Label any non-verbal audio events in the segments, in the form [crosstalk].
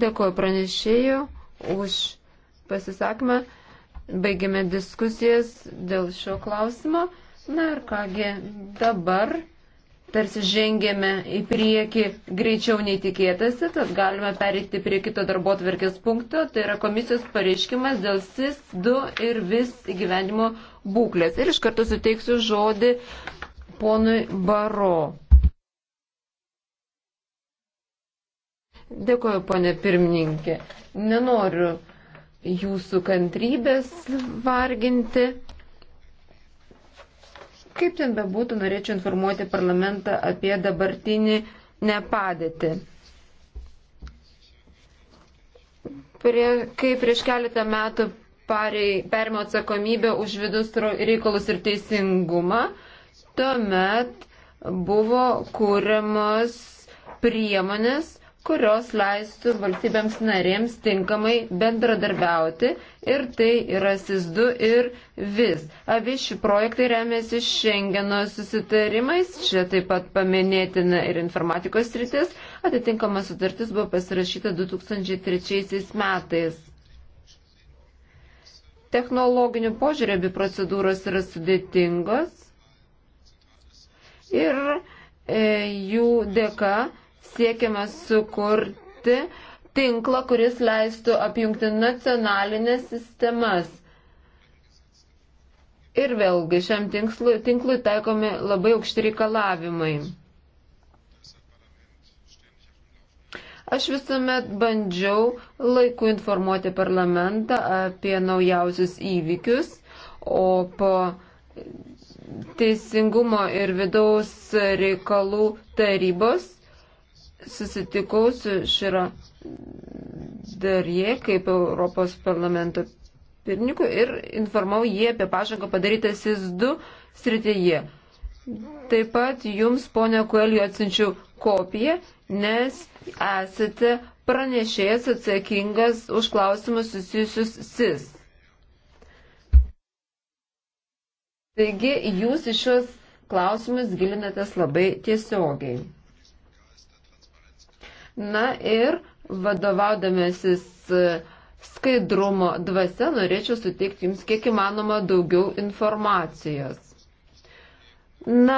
Dėkuoju pranešėjų už pasisakymą. Baigėme diskusijas dėl šio klausimo. Na ir kągi, dabar tarsi žengėme į priekį greičiau nei tikėtasi, tad galime pereiti prie kito darbo atverkės punkto, tai yra komisijos pareiškimas dėl SIS 2 ir vis įgyvendimo būklės. Ir iš karto suteiksiu žodį ponui Baro. Dėkoju, ponė pirmininkė. Nenoriu jūsų kantrybės varginti. Kaip ten bebūtų, norėčiau informuoti parlamentą apie dabartinį nepadėtį. Prie, kai prieš keletą metų perėmė atsakomybę už vidus reikalus ir teisingumą, tuomet buvo kūriamos priemonės, kurios leistų valstybėms narėms tinkamai bendradarbiauti ir tai yra SIS2 ir VIS. Abi šį projektai remiasi Šengeno susitarimais, čia taip pat paminėtina ir informatikos rytis, atitinkama sutartis buvo pasirašyta 2003 metais. Technologinių požiūrė abi procedūros yra sudėtingos ir e, jų dėka siekiama sukurti tinklą, kuris leistų apjungti nacionalinės sistemas. Ir vėlgi šiam tinklui, tinklui taikomi labai aukšti reikalavimai. Aš visuomet bandžiau laiku informuoti parlamentą apie naujausius įvykius, o po teisingumo ir vidaus reikalų tarybos susitikau su Šira Darie kaip Europos parlamento pirmininku ir informau jį apie pažangą padarytą SIS-2 srityje. Taip pat jums, ponia Kuelio, atsinčiau kopiją, nes esate pranešėjas atsakingas už klausimus susijusius SIS. Taigi jūs į šios klausimus gilinatės labai tiesiogiai. Na ir vadovaudamėsis e, skaidrumo dvasia norėčiau suteikti jums kiek įmanoma daugiau informacijos. Na,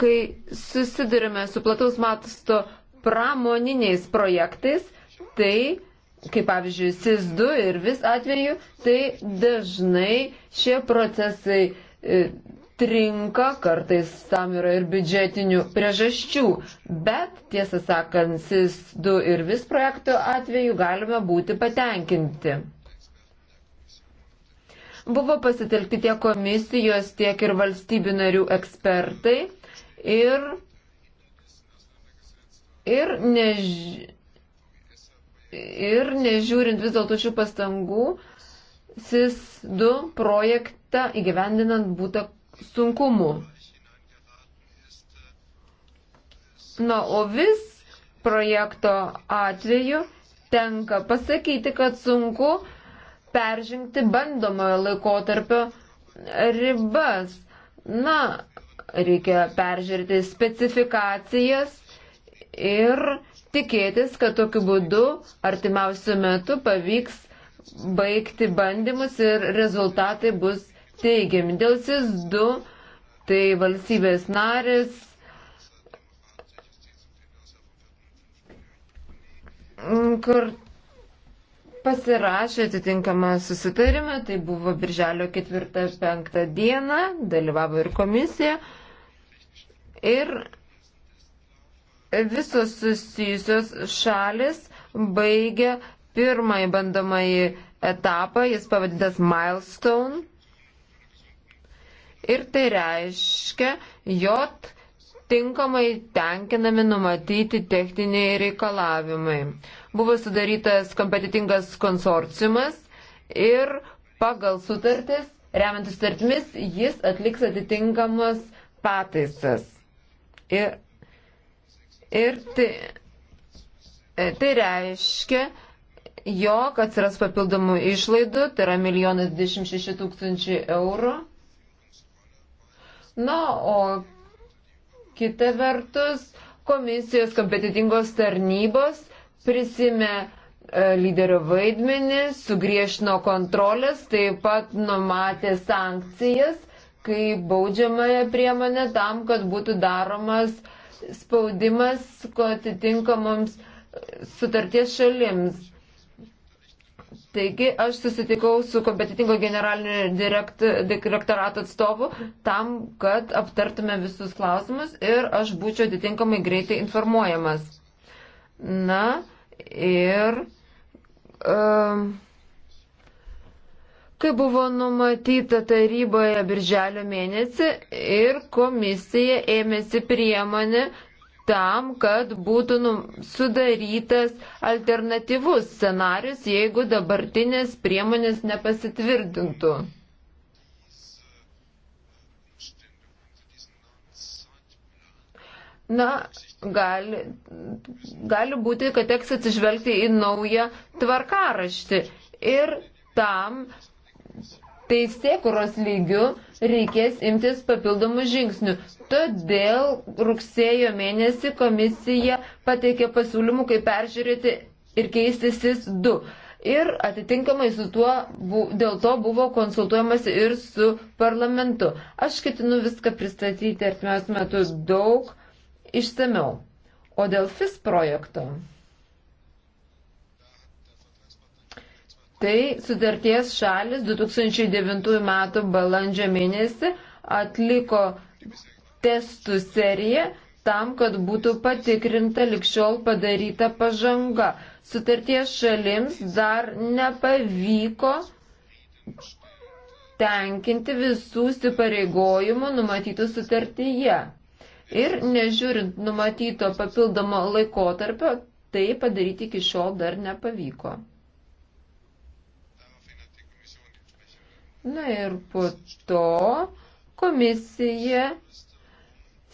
kai susidurime su plataus matosto pramoniniais projektais, tai, kaip pavyzdžiui, SIS2 ir vis atveju, tai dažnai šie procesai e, strinka, kartais tam yra ir biudžetinių priežasčių, bet tiesą sakant, SIS2 ir vis projektų atveju galime būti patenkinti. Buvo pasitelkti tiek komisijos, tiek ir valstybių narių ekspertai ir, ir, než, ir nežiūrint vis dėlto šių pastangų, SIS2 projektą įgyvendinant būta, sunkumų. Na, o vis projekto atveju tenka pasakyti, kad sunku peržengti bandomojo laikotarpio ribas. Na, reikia peržiūrėti specifikacijas ir tikėtis, kad tokiu būdu artimiausiu metu pavyks baigti bandymus ir rezultatai bus teigiami. Dėl SIS-2 tai valstybės narės mm, kur pasirašė atitinkamą susitarimą, tai buvo birželio 4-5 dieną, dalyvavo ir komisija. Ir visos susijusios šalis baigė pirmąjį bandomąjį etapą, jis pavadintas Milestone ir tai reiškia, jog tinkamai tenkinami numatyti techniniai reikalavimai. Buvo sudarytas kompetitingas konsorciumas ir pagal sutartis, remiantis sutartimis, jis atliks atitinkamas pataisas. Ir, ir tai, tai reiškia, jog atsiras papildomų išlaidų, tai yra 1 26 tūkstančiai eurų. Na, o kita vertus, komisijos kompetitingos tarnybos prisime lyderio vaidmenį, sugriešino kontrolės, taip pat numatė sankcijas, kai baudžiamąją priemonę tam, kad būtų daromas spaudimas atitinkamoms e, sutarties šalims. Taigi aš susitikau su kompetitingo generalinio direkt, direktorato atstovu tam, kad aptartume visus klausimus ir aš būčiau atitinkamai greitai informuojamas. Na ir um, kai buvo numatyta taryboje birželio mėnesį ir komisija ėmėsi priemonę tam, kad būtų nu, sudarytas alternatyvus scenarius, jeigu dabartinės priemonės nepasitvirtintų. Na, gali, gali būti, kad teks atsižvelgti į naują tvarkaraštį ir tam teisėkuros lygių reikės imtis papildomų žingsnių. Todėl rugsėjo mėnesį komisija pateikė pasiūlymų, kaip peržiūrėti ir keisti SIS 2. Ir atitinkamai su tuo, bu, dėl to buvo konsultuojamas ir su parlamentu. Aš ketinu viską pristatyti artimiausius metus daug išsameu. O dėl FIS projekto. Tai sudarties šalis 2009 m. balandžio mėnesį atliko testų seriją tam, kad būtų patikrinta likščiol padaryta pažanga. Sutarties šalims dar nepavyko tenkinti visų įsipareigojimų numatytų sutartyje. Ir nežiūrint numatyto papildomo laikotarpio, tai padaryti iki šiol dar nepavyko. Na ir po to komisija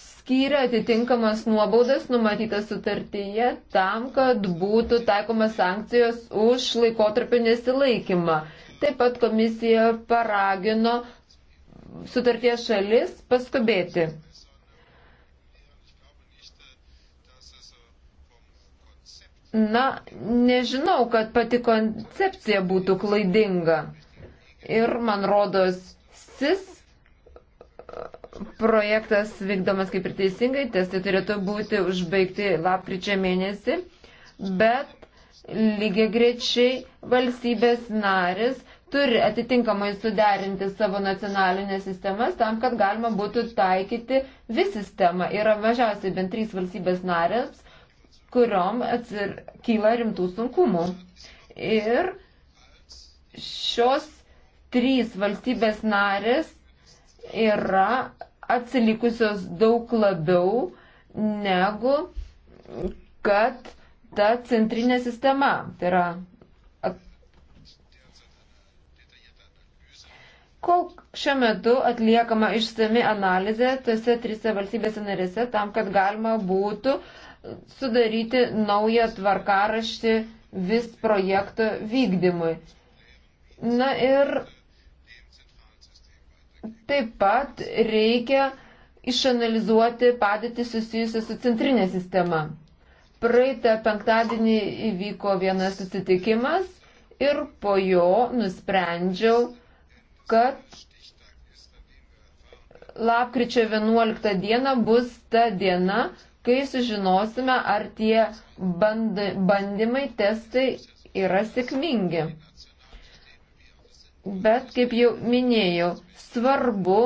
skyrė atitinkamas nuobaudas numatytas sutartyje tam, kad būtų taikomas sankcijos už laikotarpį nesilaikymą. Taip pat komisija paragino sutarties šalis paskubėti. Na, nežinau, kad pati koncepcija būtų klaidinga ir, man rodos, SIS projektas vykdomas kaip ir teisingai, testai turėtų būti užbaigti lapkričio mėnesį, bet lygiai grečiai valstybės narės turi atitinkamai suderinti savo nacionalinės sistemas tam, kad galima būtų taikyti visą sistemą. Yra mažiausiai bent trys valstybės narės, kuriom atsir kyla rimtų sunkumų. Ir šios trys valstybės narės yra atsilikusios daug labiau negu kad ta centrinė sistema. Tai yra, kol šiuo metu atliekama išsami analizė tose trise valstybėse narėse tam, kad galima būtų sudaryti naują tvarkaraštį vis projekto vykdymui. Na ir Taip pat reikia išanalizuoti padėtį susijusią su centrinė sistema. Praeitą penktadienį įvyko vienas susitikimas ir po jo nusprendžiau, kad lapkričio 11 diena bus ta diena, kai sužinosime, ar tie bandymai, testai yra sėkmingi. Bet, kaip jau minėjau, svarbu,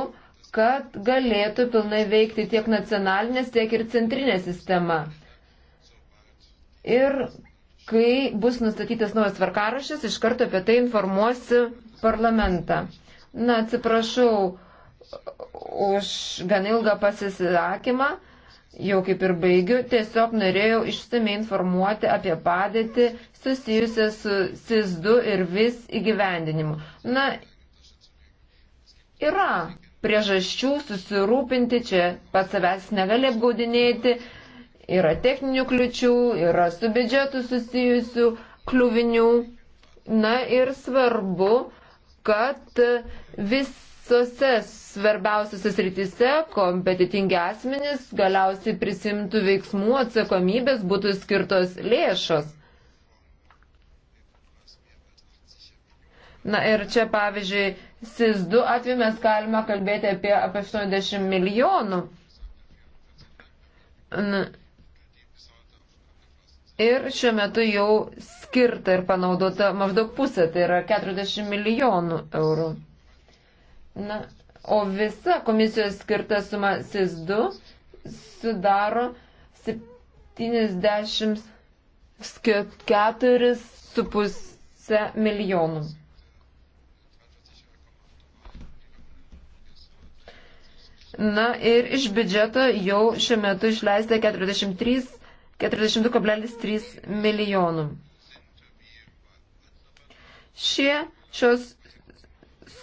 kad galėtų pilnai veikti tiek nacionalinės, tiek ir centrinė sistema. Ir kai bus nustatytas naujas tvarkarašys, iš karto apie tai informuosiu parlamentą. Na, atsiprašau už gan ilgą pasisakymą jau kaip ir baigiu, tiesiog norėjau išsamei informuoti apie padėtį susijusią su SIS2 ir vis įgyvendinimu. Na, yra priežasčių susirūpinti, čia pats savęs negali apgaudinėti, yra techninių kliučių, yra su biudžetu susijusių kliuvinių. Na ir svarbu, kad visi visose svarbiausiose srityse kompetitingi asmenys galiausiai prisimtų veiksmų atsakomybės būtų skirtos lėšos. Na ir čia pavyzdžiui, SIS2 atveju mes galime kalbėti apie, apie 80 milijonų. Na. Ir šiuo metu jau skirta ir panaudota maždaug pusė, tai yra 40 milijonų eurų. Na, o visa komisijos skirta suma SIS2 sudaro 74,5 milijonų. Na ir iš biudžeto jau šiuo metu išleista 42,3 milijonų. Šie šios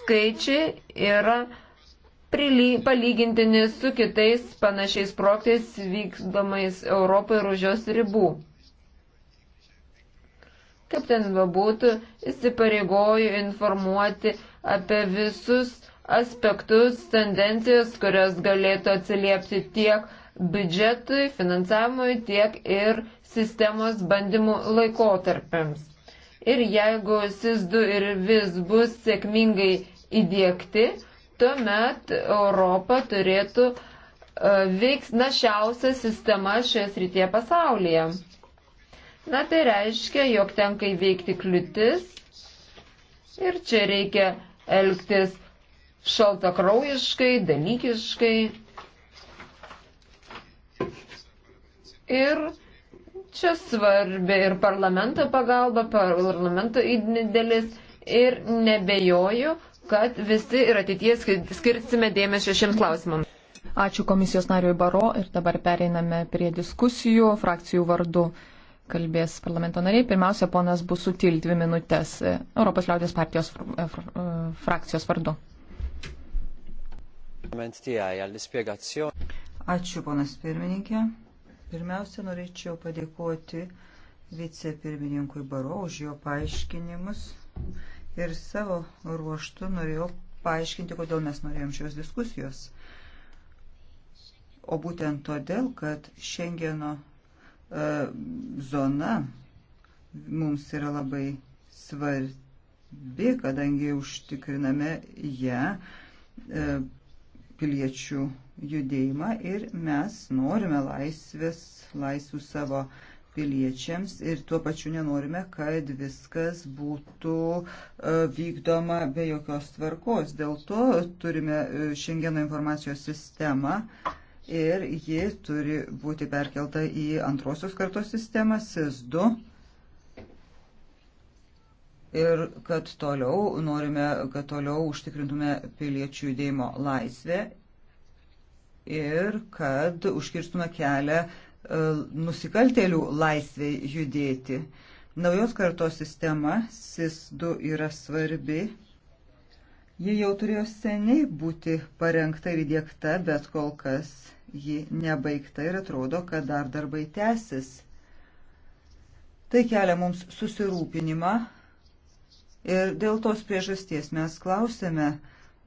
skaičiai yra palygintini su kitais panašiais projektais vykdomais Europoje ir už jos ribų. Kaip ten bebūtų, įsipareigoju informuoti apie visus aspektus, tendencijas, kurios galėtų atsiliepti tiek biudžetui, finansavimui, tiek ir sistemos bandymų laikotarpiams. Ir jeigu SIS2 ir vis bus sėkmingai įdėkti, tuomet Europa turėtų e, veiks našiausia sistema šioje srityje pasaulyje. Na tai reiškia, jog tenka įveikti kliūtis ir čia reikia elgtis šaltakraujiškai, dalykiškai. Ir čia svarbi ir parlamento pagalba, parlamento įdėlis ir nebejoju, kad visi ir ateitie skirsime dėmesio šiems klausimams. Ačiū komisijos nariui Baro ir dabar pereiname prie diskusijų frakcijų vardu. Kalbės parlamento nariai. Pirmiausia, ponas Busutil, dvi minutės Europos liaudės partijos e, e, frakcijos vardu. Ačiū, ponas pirmininkė. Pirmiausia, norėčiau padėkoti vicepirmininkui Baro už jo paaiškinimus ir savo ruoštų norėjau paaiškinti, kodėl mes norėjom šios diskusijos. O būtent todėl, kad Šengeno e, zona mums yra labai svarbi, kadangi užtikriname ją e, piliečių judėjimą ir mes norime laisvės, laisvų savo e, piliečiams ir tuo pačiu nenorime, kad viskas būtų e, vykdoma be jokios tvarkos. Dėl to turime e, šiandieno informacijos sistemą ir ji turi būti perkelta į antrosios kartos sistemą SIS2 ir kad toliau norime, kad toliau užtikrintume piliečių judėjimo laisvę ir kad užkirstume kelią E, nusikaltelių laisvai judėti. Naujos kartos sistema SIS-2 yra svarbi. Ji jau turėjo seniai būti parengta ir įdėkta, bet kol kas ji nebaigta ir atrodo, kad dar darbai tęsis. Tai kelia mums susirūpinimą ir dėl tos priežasties mes klausėme,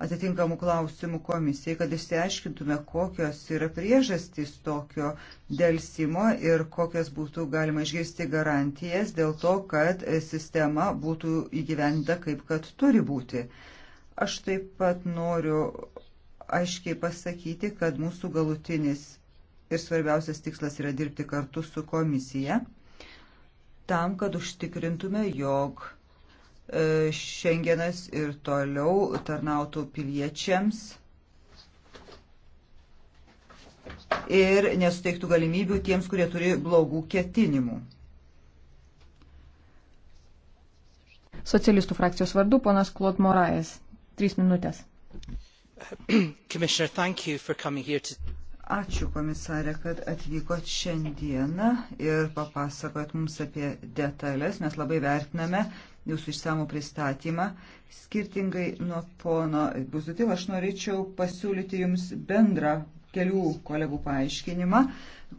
atitinkamų klausimų komisijai, kad išsiaiškintume, kokios yra priežastys tokio dėlsimo ir kokias būtų galima išgirsti garantijas dėl to, kad sistema būtų įgyvenda kaip kad turi būti. Aš taip pat noriu aiškiai pasakyti, kad mūsų galutinis ir svarbiausias tikslas yra dirbti kartu su komisija tam, kad užtikrintume, jog Šengenas e, ir toliau tarnautų piliečiams ir nesuteiktų galimybių tiems, kurie turi blogų ketinimų. Socialistų frakcijos vardu ponas Klod Morajas. Trys minutės. [clears throat] Ačiū komisarė, kad atvykot šiandieną ir papasakot mums apie detalės. Mes labai vertiname jūsų išsamų pristatymą. Skirtingai nuo pono Buzutil, aš norėčiau pasiūlyti jums bendrą kelių kolegų paaiškinimą,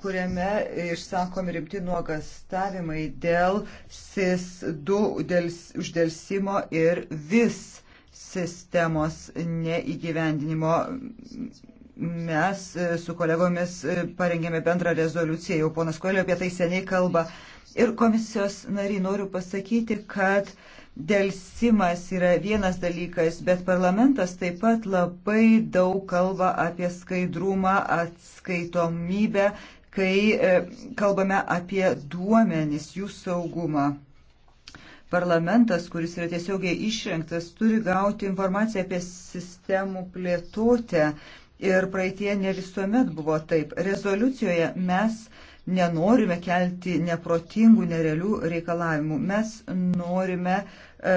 kuriame išsakomi rimti nuogastavimai dėl SIS2 uždelsimo ir vis sistemos neįgyvendinimo mes e, su kolegomis e, parengėme bendrą rezoliuciją, jau ponas Koelio apie tai seniai kalba. Ir komisijos nariai noriu pasakyti, kad dėlsimas yra vienas dalykas, bet parlamentas taip pat labai daug kalba apie skaidrumą, atskaitomybę, kai e, kalbame apie duomenis, jų saugumą parlamentas, kuris yra tiesiogiai išrinktas, turi gauti informaciją apie sistemų plėtotę ir praeitie ne visuomet buvo taip. Rezoliucijoje mes nenorime kelti neprotingų, nerealių reikalavimų. Mes norime e,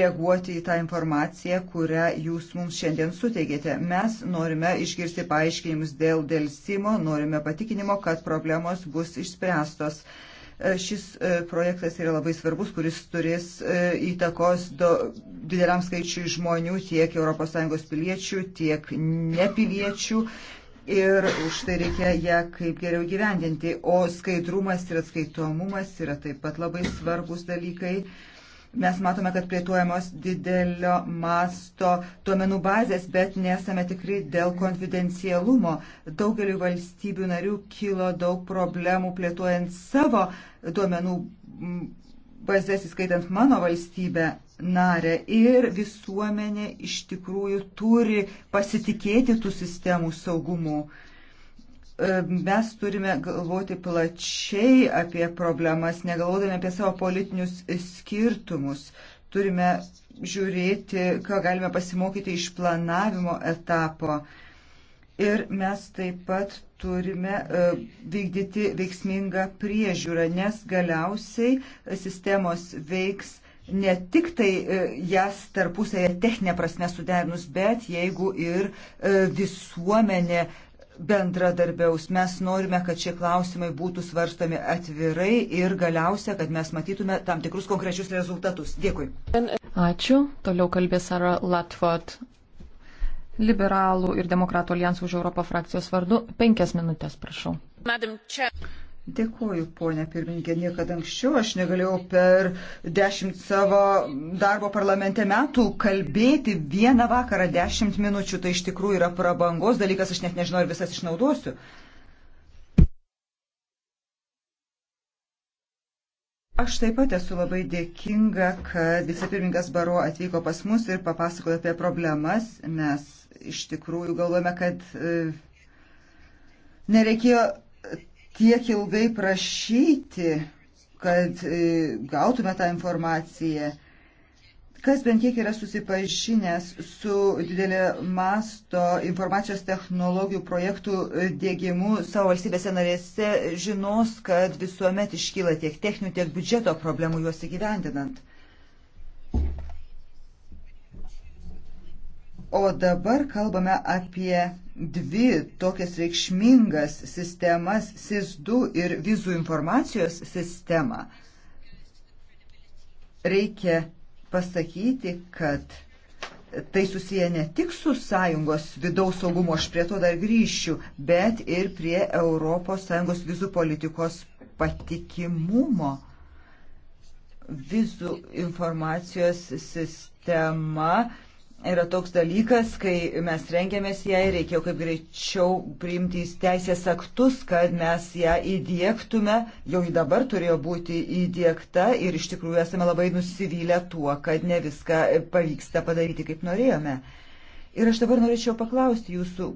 reaguoti į tą informaciją, kurią jūs mums šiandien suteikėte. Mes norime išgirsti paaiškinimus dėl dėlsimo, norime patikinimo, kad problemos bus išspręstos. E, E, šis e, projektas yra labai svarbus, kuris turės e, įtakos do, dideliam skaičiui žmonių, tiek ES piliečių, tiek nepiliečių. Ir už tai reikia ją kaip geriau gyvendinti. O skaidrumas ir atskaitomumas yra taip pat labai svarbus dalykai. Mes matome, kad plėtuojamos didelio masto duomenų bazės, bet nesame tikri dėl konfidencialumo. Daugeliu valstybių narių kilo daug problemų plėtuojant savo duomenų bazės, įskaitant mano valstybę narę. Ir visuomenė iš tikrųjų turi pasitikėti tų sistemų saugumu. E, mes turime galvoti plačiai apie problemas, negalvodami apie savo politinius skirtumus. Turime žiūrėti, ką galime pasimokyti iš planavimo etapo. Ir mes taip pat turime e, vykdyti veiksmingą priežiūrą, nes galiausiai sistemos veiks ne tik tai e, jas tarpusėje techninė prasme suderinus, bet jeigu ir visuomenė bendradarbiaus. Mes norime, kad šie klausimai būtų svarstami atvirai ir galiausia, kad mes matytume tam tikrus konkrečius rezultatus. Dėkui. Ačiū. Toliau kalbės Sara Latvot. Liberalų ir Demokratų alijansų už Europą frakcijos vardu. Penkias minutės, prašau. Dėkoju, ponė pirmininkė. Niekada anksčiau aš negalėjau per dešimt savo darbo parlamente metų kalbėti vieną vakarą dešimt minučių. Tai iš tikrųjų yra prabangos dalykas, aš net nežinau, ar visas išnaudosiu. Aš taip pat esu labai dėkinga, kad vicepirmininkas Baro atvyko pas mus ir papasakojo apie problemas. Mes iš tikrųjų galvojame, kad e, nereikėjo tiek ilgai prašyti, kad e, gautume tą informaciją. Kas bent kiek yra susipažinęs su didelio masto informacijos technologijų projektų dėgymu savo valstybėse narėse, žinos, kad visuomet iškyla tiek techninių, tiek biudžeto problemų juos įgyvendinant. O dabar kalbame apie dvi tokias reikšmingas sistemas - SIS-2 ir vizų informacijos sistemą. Reikia pasakyti, kad tai susiję ne tik su sąjungos vidaus saugumo, aš prie to dar grįšiu, bet ir prie ES vizų politikos patikimumo. Vizų informacijos sistema yra toks dalykas, kai mes rengiamės jai, reikėjo kaip greičiau priimti teisės aktus, kad mes ją įdėktume, jau į dabar turėjo būti įdėkta ir iš tikrųjų esame labai nusivylę tuo, kad ne viską pavyksta padaryti kaip norėjome. Ir aš dabar norėčiau paklausti jūsų,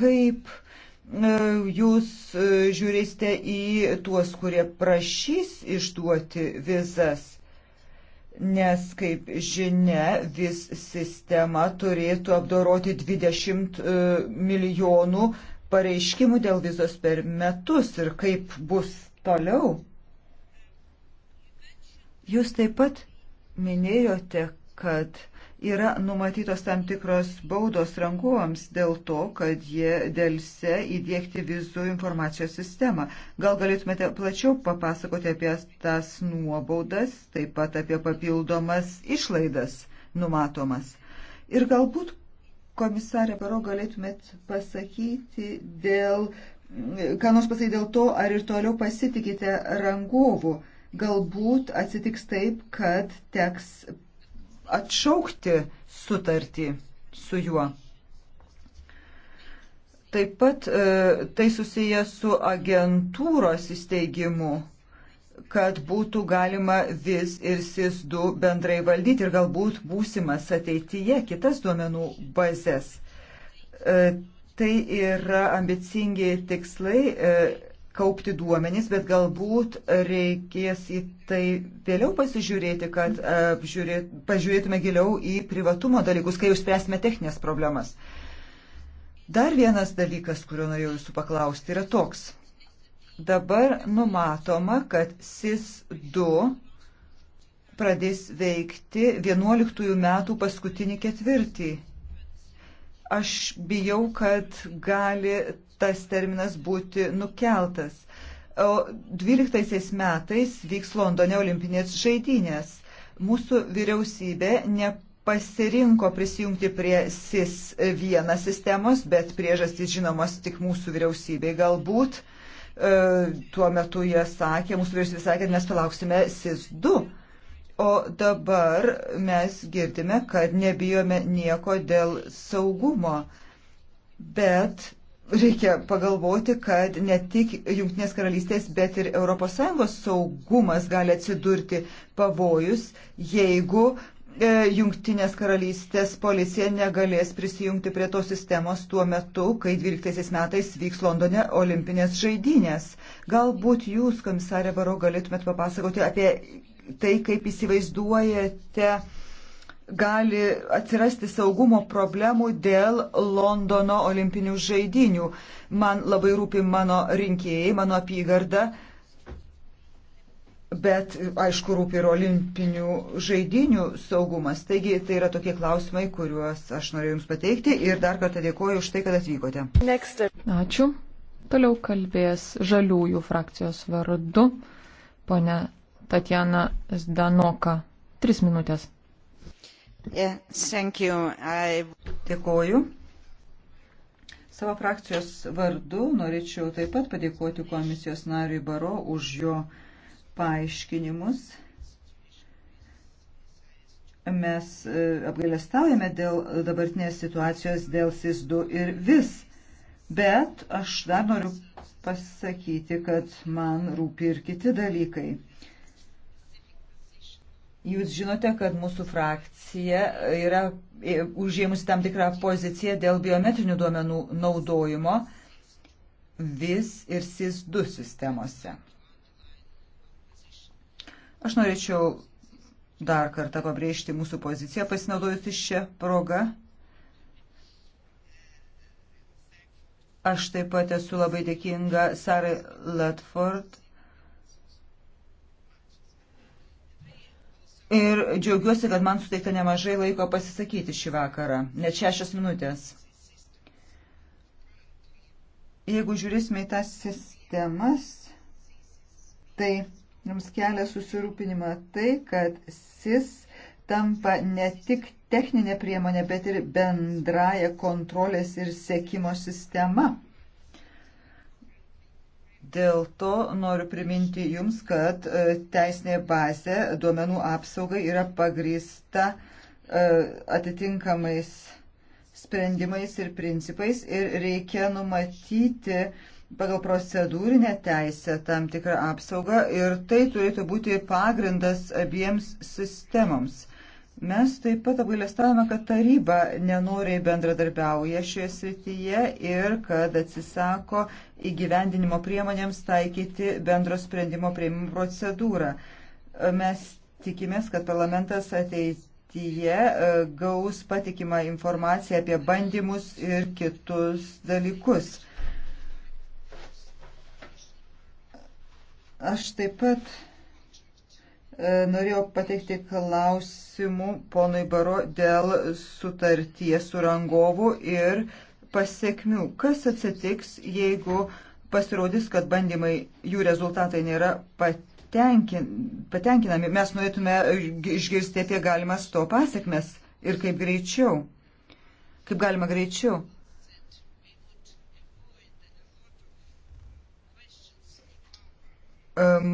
kaip e, jūs e, žiūrėsite į tuos, kurie prašys išduoti vizas nes, kaip žinia, vis sistema turėtų apdoroti 20 e, milijonų pareiškimų dėl vizos per metus ir kaip bus toliau. Jūs taip pat minėjote, kad yra numatytos tam tikros baudos rangovams dėl to, kad jie dėlse įdėkti vizų informacijos sistemą. Gal galėtumėte plačiau papasakoti apie tas nuobaudas, taip pat apie papildomas išlaidas numatomas. Ir galbūt, komisarė Paro, galėtumėt pasakyti dėl, ką nors pasakyti dėl to, ar ir toliau pasitikite rangovų. Galbūt atsitiks taip, kad teks atšaukti sutartį su juo. Taip pat e, tai susiję su agentūros įsteigimu, kad būtų galima vis ir SIS2 bendrai valdyti ir galbūt būsimas ateityje kitas duomenų bazės. E, tai yra ambicingi tikslai e, kaupti duomenys, bet galbūt reikės į tai vėliau pasižiūrėti, kad apžiūrėt, e, pažiūrėtume giliau į privatumo dalykus, kai užspręsime techninės problemas. Dar vienas dalykas, kurio norėjau jūsų paklausti, yra toks. Dabar numatoma, kad SIS-2 pradės veikti 11 metų paskutinį ketvirtį. Aš bijau, kad gali tas terminas būti nukeltas. O 12 metais vyks Londone olimpinės žaidynės. Mūsų vyriausybė nepasirinko prisijungti prie SIS-1 sistemos, bet priežastys žinomos tik mūsų vyriausybei galbūt. E, tuo metu jie sakė, mūsų vyriausybė sakė, kad mes palauksime SIS-2 O dabar mes girdime, kad nebijome nieko dėl saugumo, bet reikia pagalvoti, kad ne tik Junktinės karalystės, bet ir ES saugumas gali atsidurti pavojus, jeigu e, Junktinės karalystės policija negalės prisijungti prie tos sistemos tuo metu, kai 12 metais vyks Londone olimpinės žaidynės. Galbūt jūs, komisarė Varo, galėtumėt papasakoti apie tai, kaip įsivaizduojate, gali atsirasti saugumo problemų dėl Londono olimpinių žaidinių. Man labai rūpi mano rinkėjai, mano apygarda, bet aišku rūpi ir olimpinių žaidinių saugumas. Taigi tai yra tokie klausimai, kuriuos aš norėjau Jums pateikti ir dar kartą dėkoju už tai, kad atvykote. Next. Ačiū. Toliau kalbės žaliųjų frakcijos vardu ponia Tatjana Zdanoka. Tris minutės. Yeah, I... Dėkoju. Savo frakcijos vardu norėčiau taip pat padėkoti komisijos nariui Baro už jo paaiškinimus. Mes e, apgailestaujame dėl dabartinės situacijos dėl SIS2 ir vis. Bet aš dar noriu pasakyti, kad man rūpi ir kiti dalykai. Jūs žinote, kad mūsų frakcija yra e, užėmusi tam tikrą poziciją dėl biometrinių duomenų naudojimo vis ir SIS-2 sistemose. Aš norėčiau dar kartą pabrėžti mūsų poziciją, pasinaudojus iš šią progą. Aš taip pat esu labai dėkinga Sarai Ledford Ir džiaugiuosi, kad man suteikta nemažai laiko pasisakyti šį vakarą, net šešios minutės. Jeigu žiūrėsime į tas sistemas, tai jums kelia susirūpinimą tai, kad SIS tampa ne tik techninė priemonė, bet ir bendraja kontrolės ir sekimo sistema. Dėl to noriu priminti Jums, kad e, teisinė bazė duomenų apsaugai yra pagrįsta e, atitinkamais sprendimais ir principais ir reikia numatyti pagal procedūrinę teisę tam tikrą apsaugą ir tai turėtų būti pagrindas abiems sistemoms. Mes taip pat apgailestavome, kad taryba nenoriai bendradarbiauja šioje srityje ir kad atsisako įgyvendinimo priemonėms taikyti bendro sprendimo prieimimo procedūrą. Mes tikimės, kad parlamentas ateityje e, gaus patikimą informaciją apie bandymus ir kitus dalykus. Aš taip pat E, norėjau pateikti klausimų ponui Baro dėl sutarties su rangovu ir pasiekmių. Kas atsitiks, jeigu pasirodys, kad bandymai, jų rezultatai nėra patenkin, patenkinami? Mes norėtume išgirsti apie galimas to pasiekmes ir kaip greičiau. Kaip galima greičiau.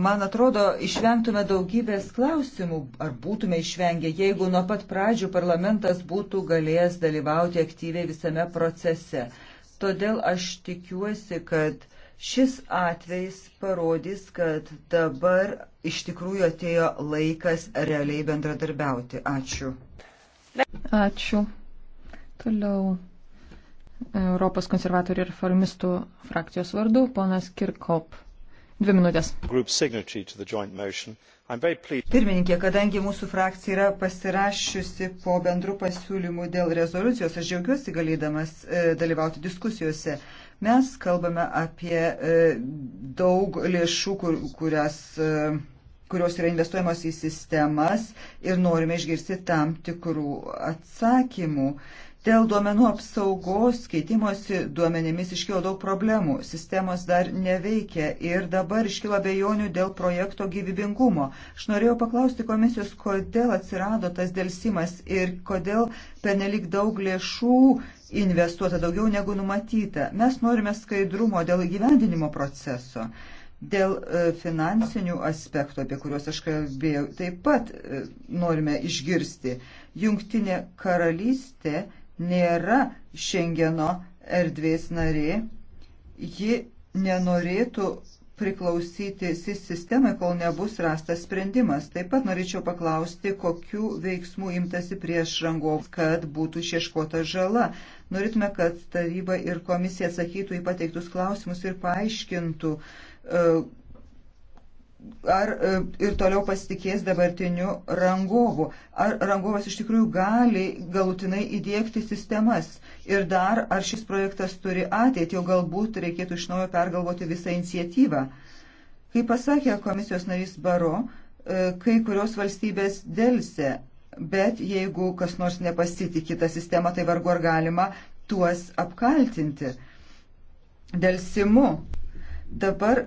man atrodo, išvengtume daugybės klausimų, ar būtume išvengę, jeigu nuo pat pradžių parlamentas būtų galėjęs dalyvauti aktyviai visame procese. Todėl aš tikiuosi, kad šis atvejs parodys, kad dabar iš tikrųjų atėjo laikas realiai bendradarbiauti. Ačiū. Ačiū. Toliau. Europos konservatorių ir reformistų frakcijos vardu, ponas Kirkop. Dvi minutės. Pirmininkė, kadangi mūsų frakcija yra pasirašiusi po bendrų pasiūlymų dėl rezoliucijos, aš džiaugiuosi galėdamas e, dalyvauti diskusijose. Mes kalbame apie e, daug lėšų, kur, kurias e, kurios yra investuojamos į sistemas ir norime išgirsti tam tikrų atsakymų. Dėl duomenų apsaugos keitimosi duomenimis iškilo daug problemų, sistemos dar neveikia ir dabar iškilo bejonių dėl projekto gyvybingumo. Aš norėjau paklausti komisijos, kodėl atsirado tas dėlsimas ir kodėl penelik daug lėšų investuota daugiau negu numatyta. Mes norime skaidrumo dėl įgyvendinimo proceso. Dėl e, finansinių aspektų, apie kuriuos aš kalbėjau, taip pat e, norime išgirsti. Jungtinė karalystė nėra Šengeno erdvės narė, ji nenorėtų priklausyti SIS sistemai, kol nebus rastas sprendimas. Taip pat norėčiau paklausti, kokiu veiksmu imtasi prieš rangovus, kad būtų išieškota žala. Norėtume, kad taryba ir komisija atsakytų į pateiktus klausimus ir paaiškintų, uh, ar e, ir toliau pasitikės dabartiniu rangovu. Ar rangovas iš tikrųjų gali galutinai įdėkti sistemas. Ir dar, ar šis projektas turi ateitį, o galbūt reikėtų iš naujo pergalvoti visą iniciatyvą. Kaip pasakė komisijos narys Baro, e, kai kurios valstybės dėlse, bet jeigu kas nors nepasitikė tą sistemą, tai vargu ar galima tuos apkaltinti. Dėlsimu. Dabar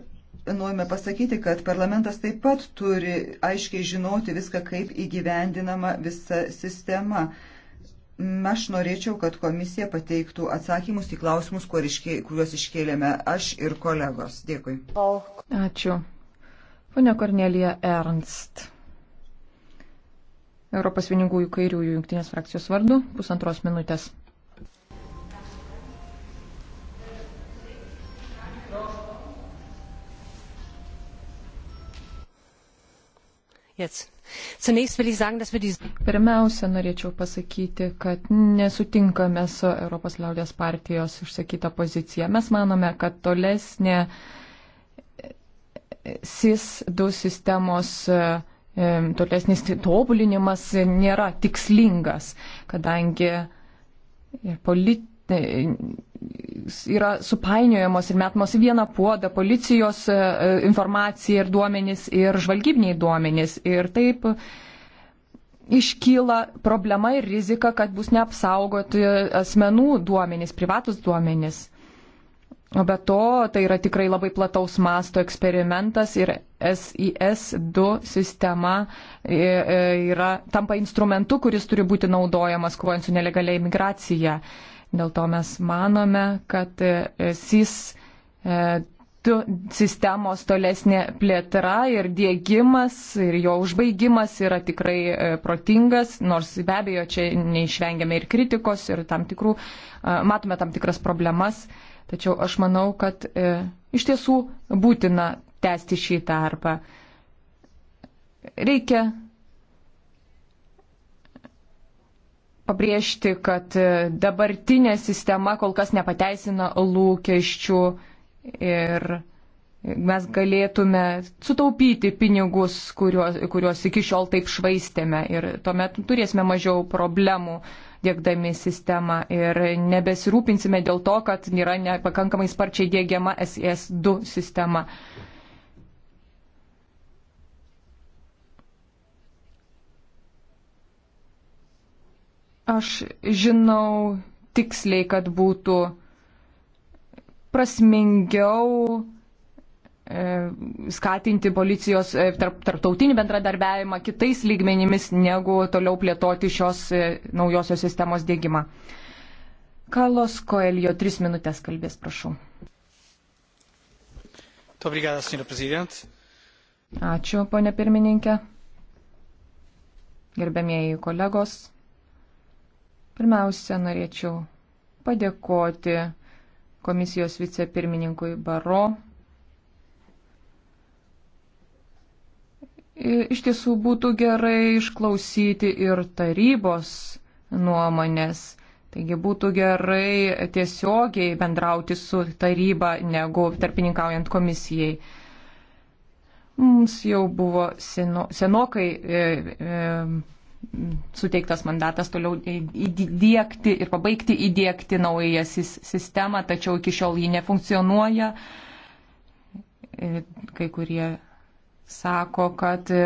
norime pasakyti, kad parlamentas taip pat turi aiškiai žinoti viską, kaip įgyvendinama visa sistema. Aš norėčiau, kad komisija pateiktų atsakymus į klausimus, kuriuos iškėlėme aš ir kolegos. Dėkui. Ačiū. Pone Kornelija Ernst. Europos vieningųjų kairiųjų jungtinės frakcijos vardu pusantros minutės. Pirmiausia, norėčiau pasakyti, kad nesutinkame su Europos liaudės partijos išsakyta pozicija. Mes manome, kad tolesnė e, SIS-2 sistemos e, e, tolesnis tobulinimas nėra tikslingas, kadangi ir politinė Tai, yra supainiojamos ir metamos į vieną puodą policijos e, e, informacija ir duomenys ir žvalgybiniai duomenys. Ir taip iškyla problema ir rizika, kad bus neapsaugoti asmenų duomenys, privatus duomenys. O be to, tai yra tikrai labai plataus masto eksperimentas ir SIS-2 sistema e, yra, tampa instrumentu, kuris turi būti naudojamas kovojant su nelegaliai migracija. Dėl to mes manome, kad e, SIS e, sistemos tolesnė plėtra ir dėgymas ir jo užbaigimas yra tikrai e, protingas, nors be abejo čia neišvengiame ir kritikos ir tam tikrų, matome tam tikras problemas, tačiau aš manau, kad iš tiesų būtina tęsti šį darbą. Reikia pabrėžti, kad e, dabartinė sistema kol kas nepateisina lūkesčių ir mes galėtume sutaupyti pinigus, kuriuos, kuriuos iki šiol taip švaistėme ir tuomet turėsime mažiau problemų dėkdami sistemą ir nebesirūpinsime dėl to, kad yra nepakankamai sparčiai dėgiama SES2 sistema. Uh, Aš žinau tiksliai, kad būtų prasmingiau e, skatinti policijos e, tarp, tarptautinį bendradarbiavimą kitais lygmenimis, negu toliau plėtoti šios e, naujosios sistemos dėgymą. Kalos Koelio, tris minutės kalbės, prašau. Obrigadas, Ačiū, ponė pirmininkė. Gerbėmieji kolegos. Pirmiausia, norėčiau padėkoti komisijos vicepirmininkui Baro. Iš tiesų būtų gerai išklausyti ir tarybos nuomonės. Taigi būtų gerai tiesiogiai bendrauti su taryba, negu tarpininkaujant komisijai. Mums jau buvo seno, senokai. E, e, suteiktas mandatas toliau įdėkti ir pabaigti įdėkti naują sistemą, tačiau iki šiol ji nefunkcionuoja. E, kai kurie sako, kad e,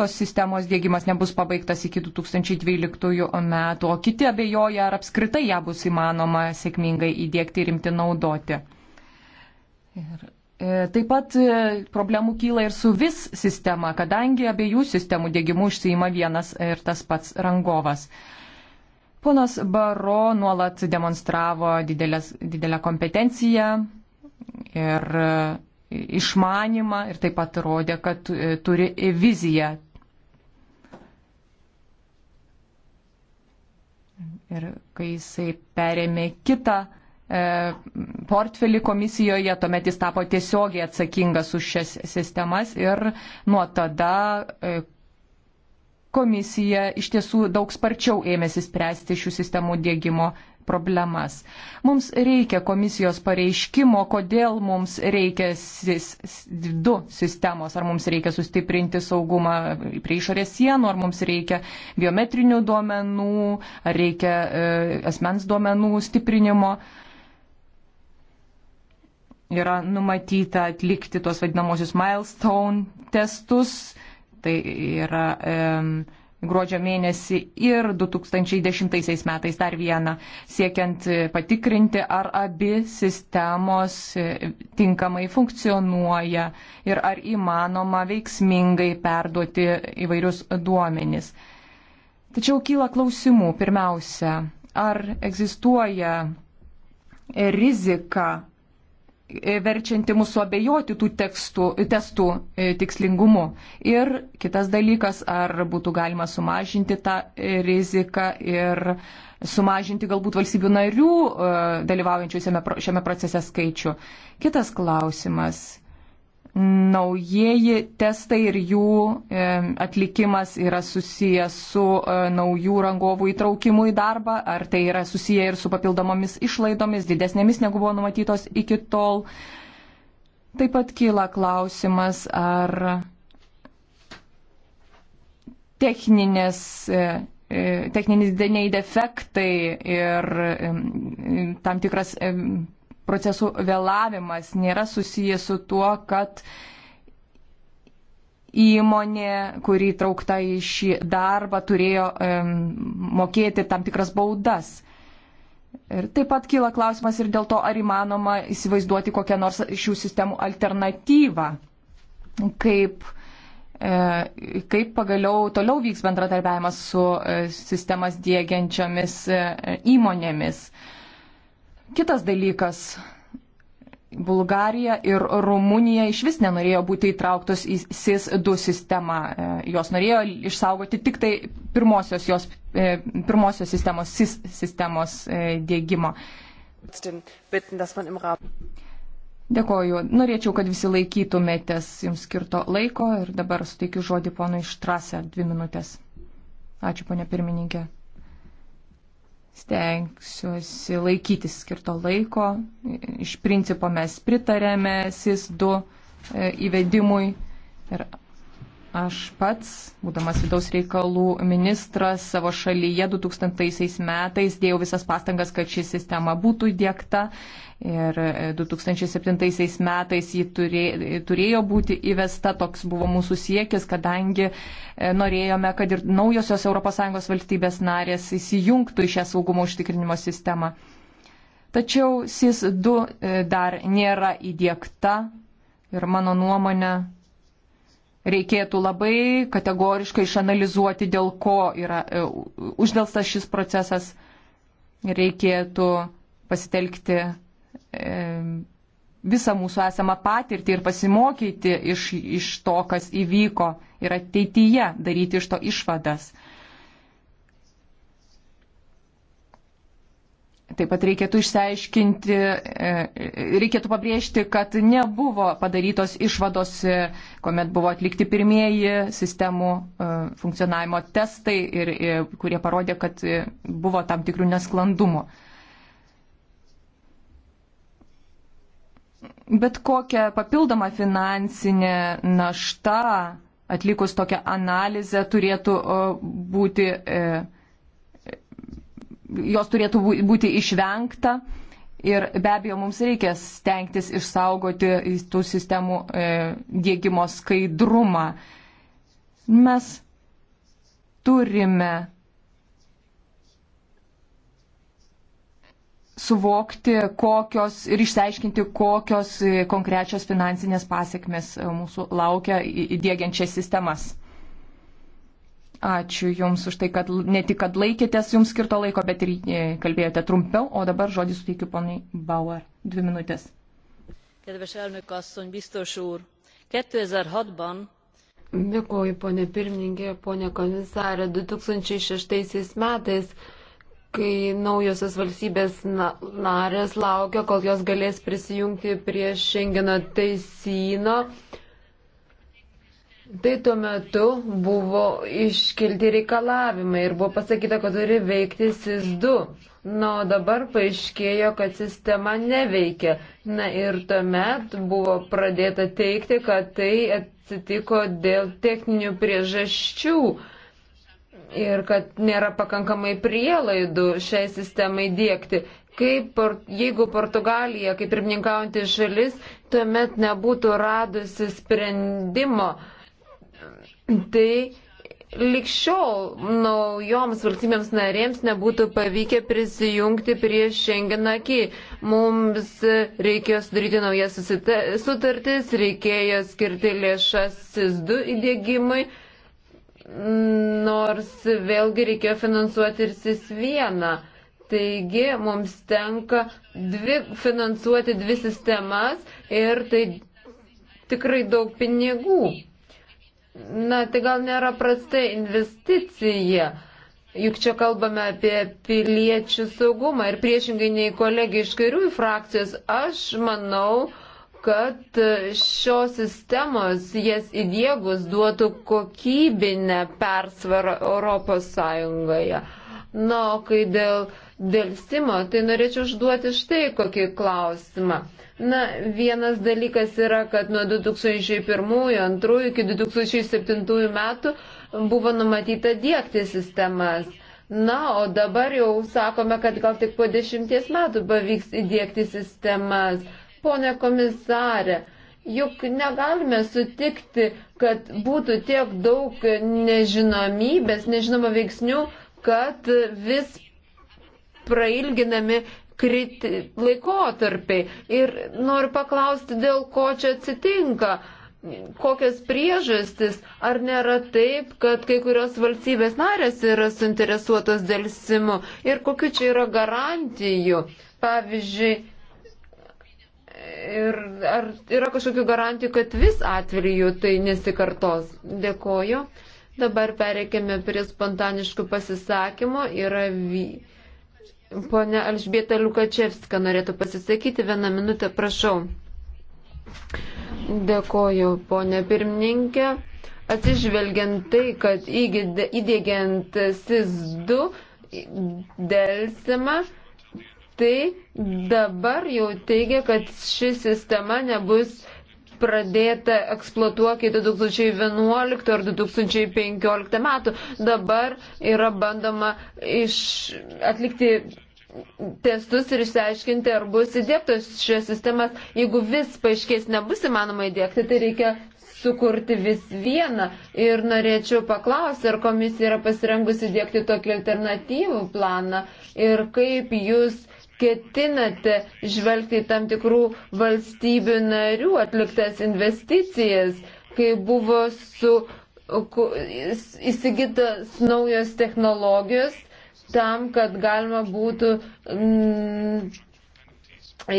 tos sistemos dėgymas nebus pabaigtas iki 2012 metų, o kiti abejoja, ar apskritai ją bus įmanoma sėkmingai įdėkti ir imti naudoti. Ir E, taip pat e, problemų kyla ir su vis sistema, kadangi abiejų sistemų dėgymų užsima vienas ir tas pats rangovas. Ponas Baro nuolat demonstravo didelės, didelę kompetenciją ir e, išmanimą ir taip pat rodė, kad turi viziją. Ir kai jisai perėmė kitą E, portfelį komisijoje, tuomet jis tapo tiesiogiai atsakingas už šias sistemas ir nuo tada e, komisija iš tiesų daug sparčiau ėmėsi spręsti šių sistemų dėgymo problemas. Mums reikia komisijos pareiškimo, kodėl mums reikia sis, du sistemos, ar mums reikia sustiprinti saugumą prie išorės sienų, ar mums reikia biometrinių duomenų, ar reikia e, asmens duomenų stiprinimo. E, yra numatyta atlikti tos vadinamosius milestone testus. Tai yra e, gruodžio mėnesį ir 2010 metais dar vieną, siekiant e, patikrinti, ar abi sistemos e, tinkamai funkcionuoja ir ar įmanoma veiksmingai perduoti įvairius duomenis. Tačiau kyla klausimų. Pirmiausia, ar egzistuoja rizika E, verčianti mūsų abejoti tų tekstų, testų e, tikslingumu. Ir kitas dalykas, ar būtų galima sumažinti tą e, riziką ir sumažinti galbūt valstybių narių dalyvaujančių šiame procese skaičių. Kitas klausimas naujieji testai ir jų e, atlikimas yra susijęs su e, naujų rangovų įtraukimu į darbą, ar tai yra susiję ir su papildomomis išlaidomis, didesnėmis negu buvo numatytos iki tol. Taip pat kyla klausimas, ar techninės e, techniniai defektai ir tam tikras procesų vėlavimas nėra susijęs su tuo, kad įmonė, kuri traukta į šį darbą, turėjo um, mokėti tam tikras baudas. Ir taip pat kyla klausimas ir dėl to, ar įmanoma įsivaizduoti kokią nors šių sistemų alternatyvą, kaip, e, kaip pagaliau toliau vyks bendradarbiavimas su e, sistemas dėgiančiomis e, įmonėmis. E, Kitas dalykas. Bulgarija ir Rumunija iš vis nenorėjo būti įtrauktos į SIS-2 sistemą. E, jos norėjo išsaugoti tik tai pirmosios, jos, e, pirmosios sistemos, SIS sistemos e, dėgymo. Dėkoju. Norėčiau, kad visi laikytumėtės jums skirto laiko ir dabar suteikiu žodį ponui Štrasę dvi minutės. Ačiū, ponė pirmininkė. Stengsiuosi laikytis skirto laiko. Iš principo mes pritarėme SIS 2 e, įvedimui ir aš pats, būdamas vidaus reikalų ministras savo šalyje 2000 metais, dėjau visas pastangas, kad ši sistema būtų įdėkta. Ir 2007 e, metais ji turėjo būti įvesta, toks buvo mūsų siekis, kadangi e, norėjome, kad ir naujosios ES valstybės narės įsijungtų į šią saugumo užtikrinimo sistemą. Tačiau SIS 2 e, dar nėra įdėkta ir mano nuomonė reikėtų labai kategoriškai išanalizuoti, dėl ko yra uždėlstas šis procesas. Reikėtų pasitelkti visą mūsų esamą patirtį ir pasimokyti iš, iš to, kas įvyko ir ateityje daryti iš to išvadas. Taip pat reikėtų išsiaiškinti, e, reikėtų pabrėžti, kad nebuvo padarytos išvados, e, kuomet buvo atlikti pirmieji sistemų e, funkcionavimo testai, ir, kurie parodė, kad buvo tam tikrų nesklandumų. bet kokia papildoma finansinė našta atlikus tokią analizę turėtų būti, e, jos turėtų būti išvengta ir be abejo mums reikia stengtis išsaugoti tų sistemų e, dėgymo skaidrumą. Mes turime suvokti kokios ir išsiaiškinti, kokios e, konkrečios finansinės pasiekmes e, mūsų laukia įdėgiančias sistemas. Ačiū Jums už tai, kad ne tik, kad laikėtės Jums skirto laiko, bet ir e, kalbėjote trumpiau, o dabar žodį suteikiu ponai Bauer. Dvi minutės. Kedves elnök asszony, biztos úr, 2006-ban Dėkuoju, ponė pirmininkė, ponė komisarė, 2006 metais kai naujosios valstybės narės laukia, kol jos galės prisijungti prie Šengeno teisyno. Tai tuo metu buvo iškilti reikalavimai ir buvo pasakyta, kad turi veikti SIS-2. Na, o dabar paaiškėjo, kad sistema neveikia. Na ir tuomet buvo pradėta teikti, kad tai atsitiko dėl techninių priežasčių. Uh, ir kad nėra pakankamai prielaidų šiai sistemai dėkti. Kaip, jeigu Portugalija, kaip pirmininkaujantį šalis, tuomet nebūtų radusi sprendimo, tai likščiol naujoms valstybėms narėms nebūtų pavykę prisijungti prie Šengenakį. Mums reikėjo sudaryti naujas sutartis, reikėjo skirti lėšas SIS2 įdėgymui nors vėlgi reikėjo finansuoti ir SIS vieną. Taigi mums tenka dvi, finansuoti dvi sistemas ir tai tikrai daug pinigų. Na, tai gal nėra prasta investicija. Juk čia kalbame apie piliečių saugumą ir priešingai nei kolegai iš kairiųjų frakcijos, aš manau, kad šios sistemos jas įdėgus duotų kokybinę persvarą Europos Sąjungoje. Na, o kai dėl dėlsimo, tai norėčiau užduoti štai kokį klausimą. Na, vienas dalykas yra, kad nuo 2001-2002 iki 2007 metų buvo numatyta dėkti sistemas. Na, o dabar jau sakome, kad gal tik po dešimties metų pavyks įdėkti sistemas. Pone komisarė, juk negalime sutikti, kad būtų tiek daug nežinomybės, nežinoma veiksnių, kad vis prailginami kriti laikotarpiai. Ir noriu paklausti, dėl ko čia atsitinka, kokias priežastis, ar nėra taip, kad kai kurios valstybės narės yra suinteresuotos dėl simų ir kokiu čia yra garantijų. Pavyzdžiui, Ir ar yra kažkokių garantijų, kad vis atveju tai nesikartos? Dėkoju. Dabar pereikėme prie spontaniškų pasisakymų. Yra vy... Pone Alžbieta Lukačevska norėtų pasisakyti. Vieną minutę, prašau. Dėkoju, ponė pirmininkė. Atsižvelgiant tai, kad įdėgiant SIS 2 dėlsima, tai dabar jau teigia, kad ši sistema nebus pradėta eksploatuoti 2011 ar 2015 metų. Dabar yra bandoma iš, atlikti testus ir išsiaiškinti, ar bus įdėktos šios sistemas. Jeigu vis paaiškės nebus įmanoma įdėkti, tai reikia sukurti vis vieną. Ir norėčiau paklausti, ar komisija yra pasirengusi dėkti tokį alternatyvų planą ir kaip jūs ketinate žvelgti tam tikrų valstybių narių atliktas investicijas, kai buvo su įsigytas naujos technologijos tam, kad galima būtų mm,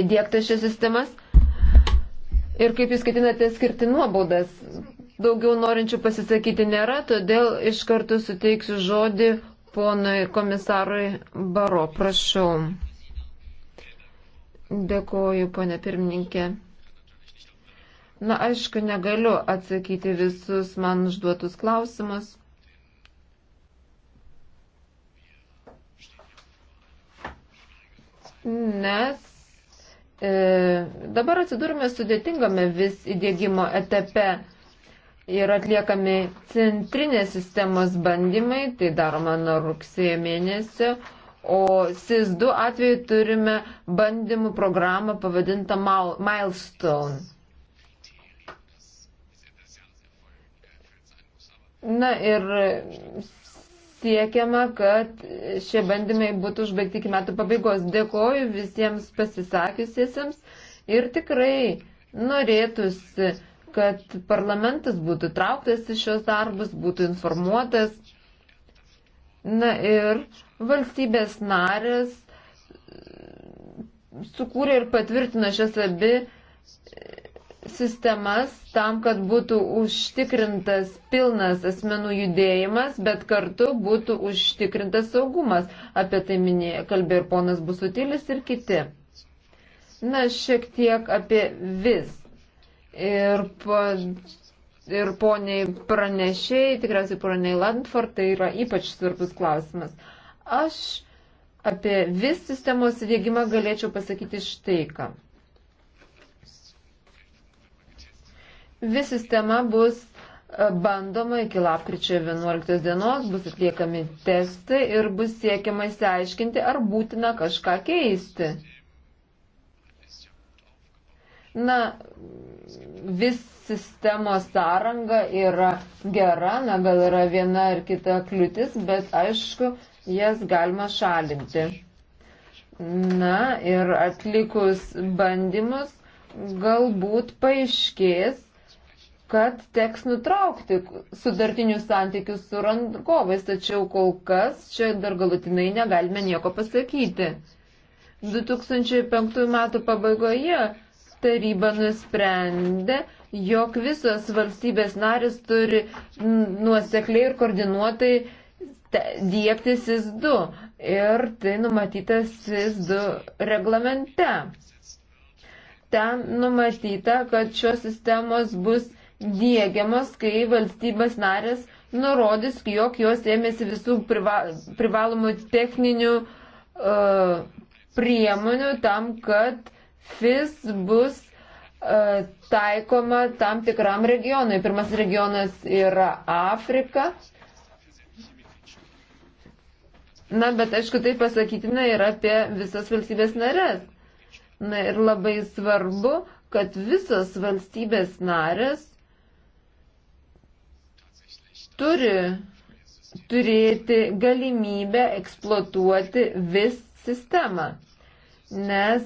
įdėkti šias sistemas. Ir kaip jūs ketinate skirti nuobaudas? Daugiau norinčių pasisakyti nėra, todėl iš karto suteiksiu žodį ponui komisarui Baro. Prašau. Dėkoju, ponė pirmininkė. Na, aišku, negaliu atsakyti visus man užduotus klausimus. Nes e, dabar atsidurime sudėtingame vis įdėgymo etape ir atliekami centrinės sistemos bandymai, tai daroma nuo rugsėjo mėnesio. O SIS-2 atveju turime bandymų programą pavadintą Milestone. Na ir siekiama, kad šie bandymai būtų užbaigti iki metų pabaigos. Dėkoju visiems pasisakiusiesiems ir tikrai norėtųsi, kad parlamentas būtų trauktas į šios darbus, būtų informuotas. Na ir Valstybės narės sukūrė ir patvirtino šias abi sistemas tam, kad būtų užtikrintas pilnas asmenų judėjimas, bet kartu būtų užtikrintas saugumas. Apie tai minėjo kalbė ir ponas Busutilis ir kiti. Na, šiek tiek apie vis. Ir, po, ir poniai pranešiai, tikriausiai poniai Landford, tai yra ypač svarbus klausimas. Uh, Aš apie vis sistemos dėgymą galėčiau pasakyti štai ką. Vis sistema bus e, bandoma iki lapkričio 11 dienos, bus atliekami testai ir bus siekiama įsiaiškinti, ar būtina kažką keisti. Na, vis sistemos sąranga yra gera, na gal yra viena ar kita kliūtis, bet aišku, jas galima šalinti. Na ir atlikus bandymus galbūt paaiškės, kad teks nutraukti sudartinius santykius su rangovais, tačiau kol kas čia dar galutinai negalime nieko pasakyti. 2005 metų pabaigoje taryba nusprendė, jog visos valstybės narės turi nuosekliai ir koordinuotai dėkti SIS2 ir tai numatyta SIS2 reglamente. Ten numatyta, kad šios sistemos bus dėgiamas, kai valstybės narės nurodys, jog jos ėmėsi visų priva privalomų techninių uh, priemonių tam, kad FIS bus uh, taikoma tam tikram regionui. Pirmas regionas yra Afrika, uh, Na, bet aišku, tai pasakytina ir apie visas valstybės narės. Na ir labai svarbu, kad visos valstybės narės turi turėti galimybę eksploatuoti vis sistemą. Nes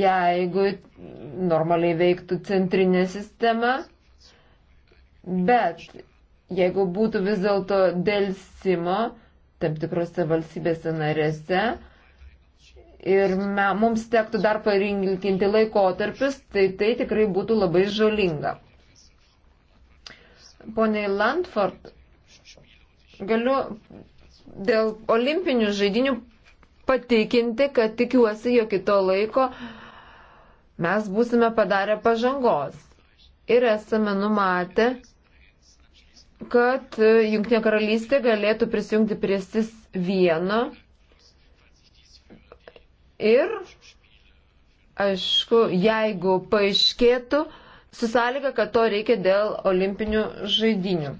jeigu normaliai veiktų centrinė sistema, bet jeigu būtų vis dėlto dėl simo, tam tikrose valstybėse narėse. Ir me, mums tektų dar parinkinti laikotarpius, tai tai tikrai būtų labai žalinga. Pone Landford, galiu dėl olimpinių žaidinių pateikinti, kad tikiuosi, jog kito laiko mes būsime padarę pažangos. Ir esame numatę kad e, Junktinė karalystė galėtų prisijungti prie SIS 1 ir, aišku, jeigu paaiškėtų, su sąlyga, kad to reikia dėl olimpinių žaidinių.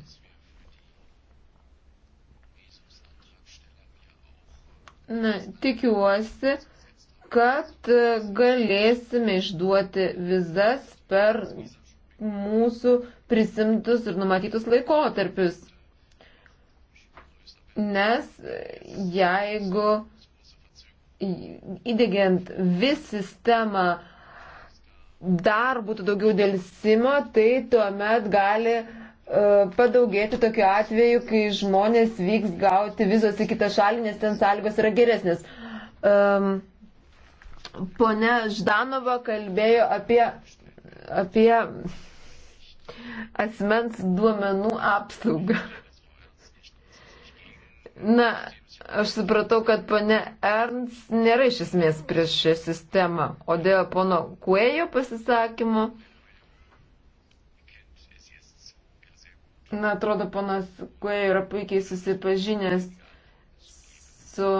Na, tikiuosi, kad e, galėsime išduoti vizas per mūsų prisimtus ir numatytus laikotarpius. Nes jeigu įdėgiant vis sistemą dar būtų daugiau dėlsimo, tai tuomet gali uh, padaugėti tokiu atveju, kai žmonės vyks gauti vizos į kitą šalį, nes ten sąlygos yra geresnės. Um, Pone Ždanova kalbėjo apie, apie asmens duomenų apsaugą. Na, aš supratau, kad pane Ernst nėra iš esmės prieš šią sistemą, o dėl pono Kuejo pasisakymo. Na, atrodo, ponas Kuejo yra puikiai susipažinęs su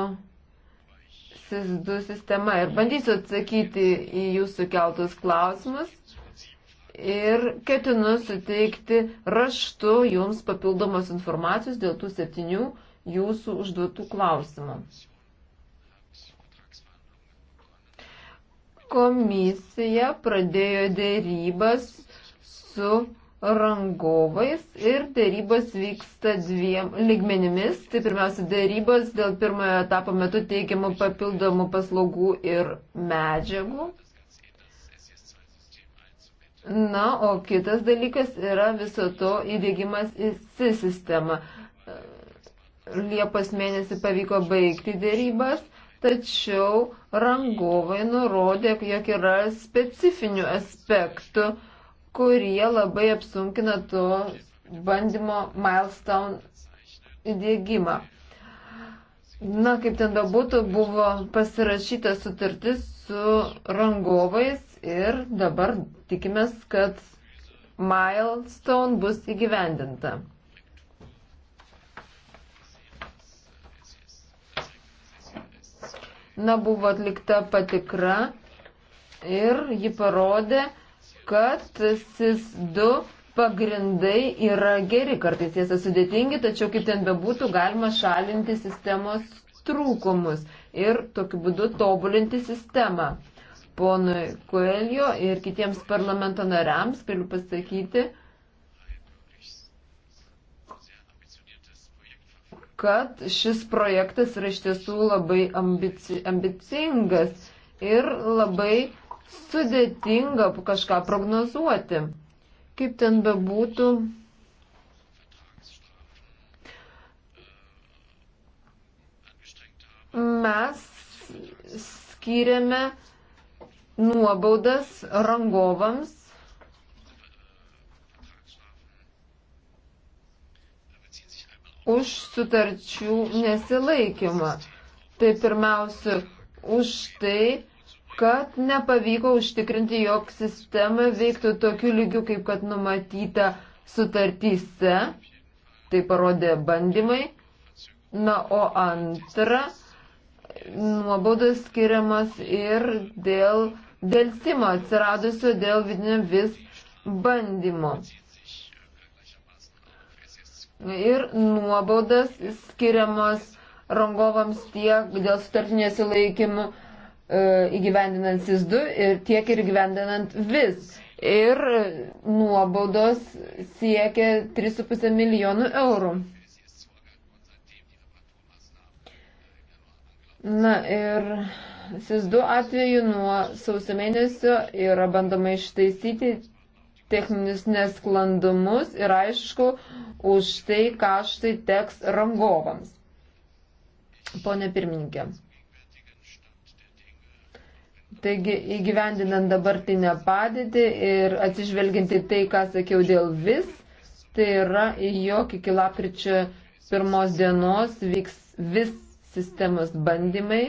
SIS2 sistema ir bandysiu atsakyti į jūsų keltus klausimus ir ketinu suteikti raštu jums papildomos informacijos dėl tų septynių jūsų užduotų klausimų. Komisija pradėjo dėrybas su rangovais ir dėrybos vyksta dviem lygmenimis. Tai pirmiausia, dėrybos dėl pirmojo etapo metu teikiamų papildomų paslaugų ir medžiagų. Na, o kitas dalykas yra viso to įdėgymas į SI sistemą. Liepos mėnesį pavyko baigti dėrybas, tačiau rangovai nurodė, jog yra specifinių aspektų, kurie labai apsunkina to bandymo milestone įdėgymą. Na, kaip ten bebūtų, buvo pasirašyta sutartis su rangovais ir dabar tikimės, kad milestone bus įgyvendinta. Na, buvo atlikta patikra ir ji parodė, kad SIS-2 pagrindai yra geri, kartais jie sudėtingi, tačiau kaip ten bebūtų, galima šalinti sistemos trūkumus ir tokiu būdu tobulinti sistemą ponui Koelio ir kitiems parlamento nariams galiu pasakyti, kad šis projektas yra iš tiesų labai ambici, ambicingas ir labai sudėtinga kažką prognozuoti. Kaip ten bebūtų. Mes skiriame nuobaudas rangovams. Už sutarčių nesilaikymą. Tai pirmiausia, už tai, kad nepavyko užtikrinti, jog sistema veiktų tokiu lygiu, kaip kad numatyta sutartyse. Tai parodė bandymai. Na, o antra, nuobaudas skiriamas ir dėl dėlsimo atsiradusio dėl vidinio vis bandymo. Ir nuobaudas skiriamos rangovams tiek dėl sutartinės įlaikymų e, įgyvendinant SIS2 ir tiek ir įgyvendinant vis. Ir nuobaudos siekia 3,5 milijonų eurų. Na ir SIS2 atveju nuo sausio mėnesio yra bandoma ištaisyti techninius nesklandumus ir aišku, už tai kaštai teks rangovams. Pone pirmininkė. Taigi, įgyvendinant dabartinę padėtį ir atsižvelginti tai, ką sakiau dėl vis, tai yra, jog iki lapkričio pirmos dienos vyks vis sistemos bandymai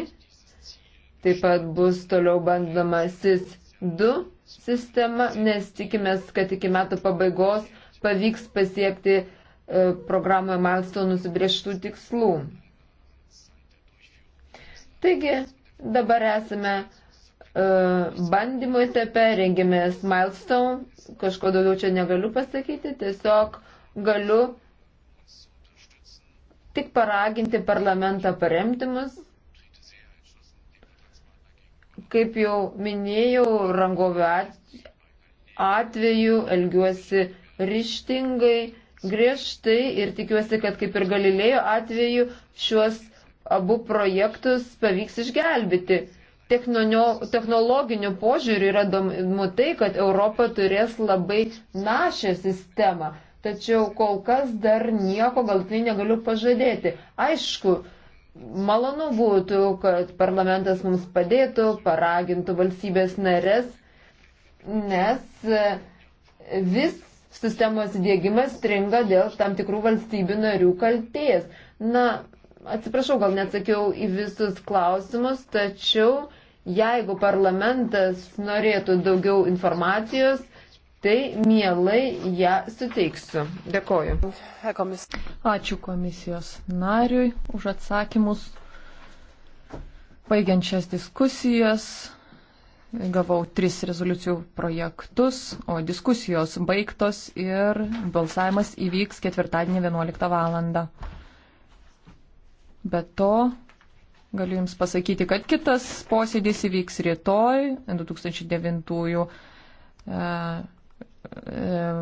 Taip pat bus toliau bandoma SIS 2 sistema, nes tikimės, kad iki metų pabaigos pavyks pasiekti e, programoje milestone nusibrieštų tikslų. Taigi, dabar esame e, bandymo etape, rengiamės milestone, kažko daugiau čia negaliu pasakyti, tiesiog galiu tik paraginti parlamentą paremti mus Kaip jau minėjau, rangovių atveju elgiuosi ryštingai, griežtai ir tikiuosi, kad kaip ir Galilėjo atveju šiuos abu projektus pavyks išgelbėti. Technonio, technologiniu požiūriu yra domu tai, kad Europa turės labai našę sistemą, tačiau kol kas dar nieko galtinai negaliu pažadėti. Aišku, Malonu būtų, kad parlamentas mums padėtų, paragintų valstybės narės, nes e, vis sistemos įdėgymas stringa dėl tam tikrų valstybių narių kalties. Na, atsiprašau, gal neatsakiau į visus klausimus, tačiau jeigu parlamentas norėtų daugiau informacijos, tai mielai ją suteiksiu. Dėkoju. Ačiū komisijos nariui už atsakymus. Baigiant šias diskusijas, gavau tris rezoliucijų projektus, o diskusijos baigtos ir balsavimas įvyks ketvirtadienį 11 val. Be to, galiu Jums pasakyti, kad kitas posėdis įvyks rytoj 2009. Uh, E,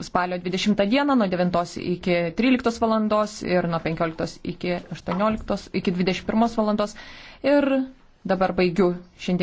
spalio 20 dieną nuo 9 iki 13 valandos ir nuo 15 iki 18 iki 21 valandos. Ir dabar baigiu šiandienį.